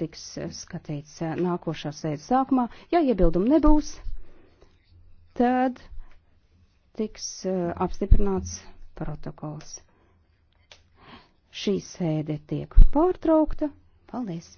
tiks eh, skatīts eh, nākošā sēdes sākumā. Ja iebildumi nebūs, tad tiks eh, apstiprināts protokols. Šī sēde tiek pārtraukta. Paldies!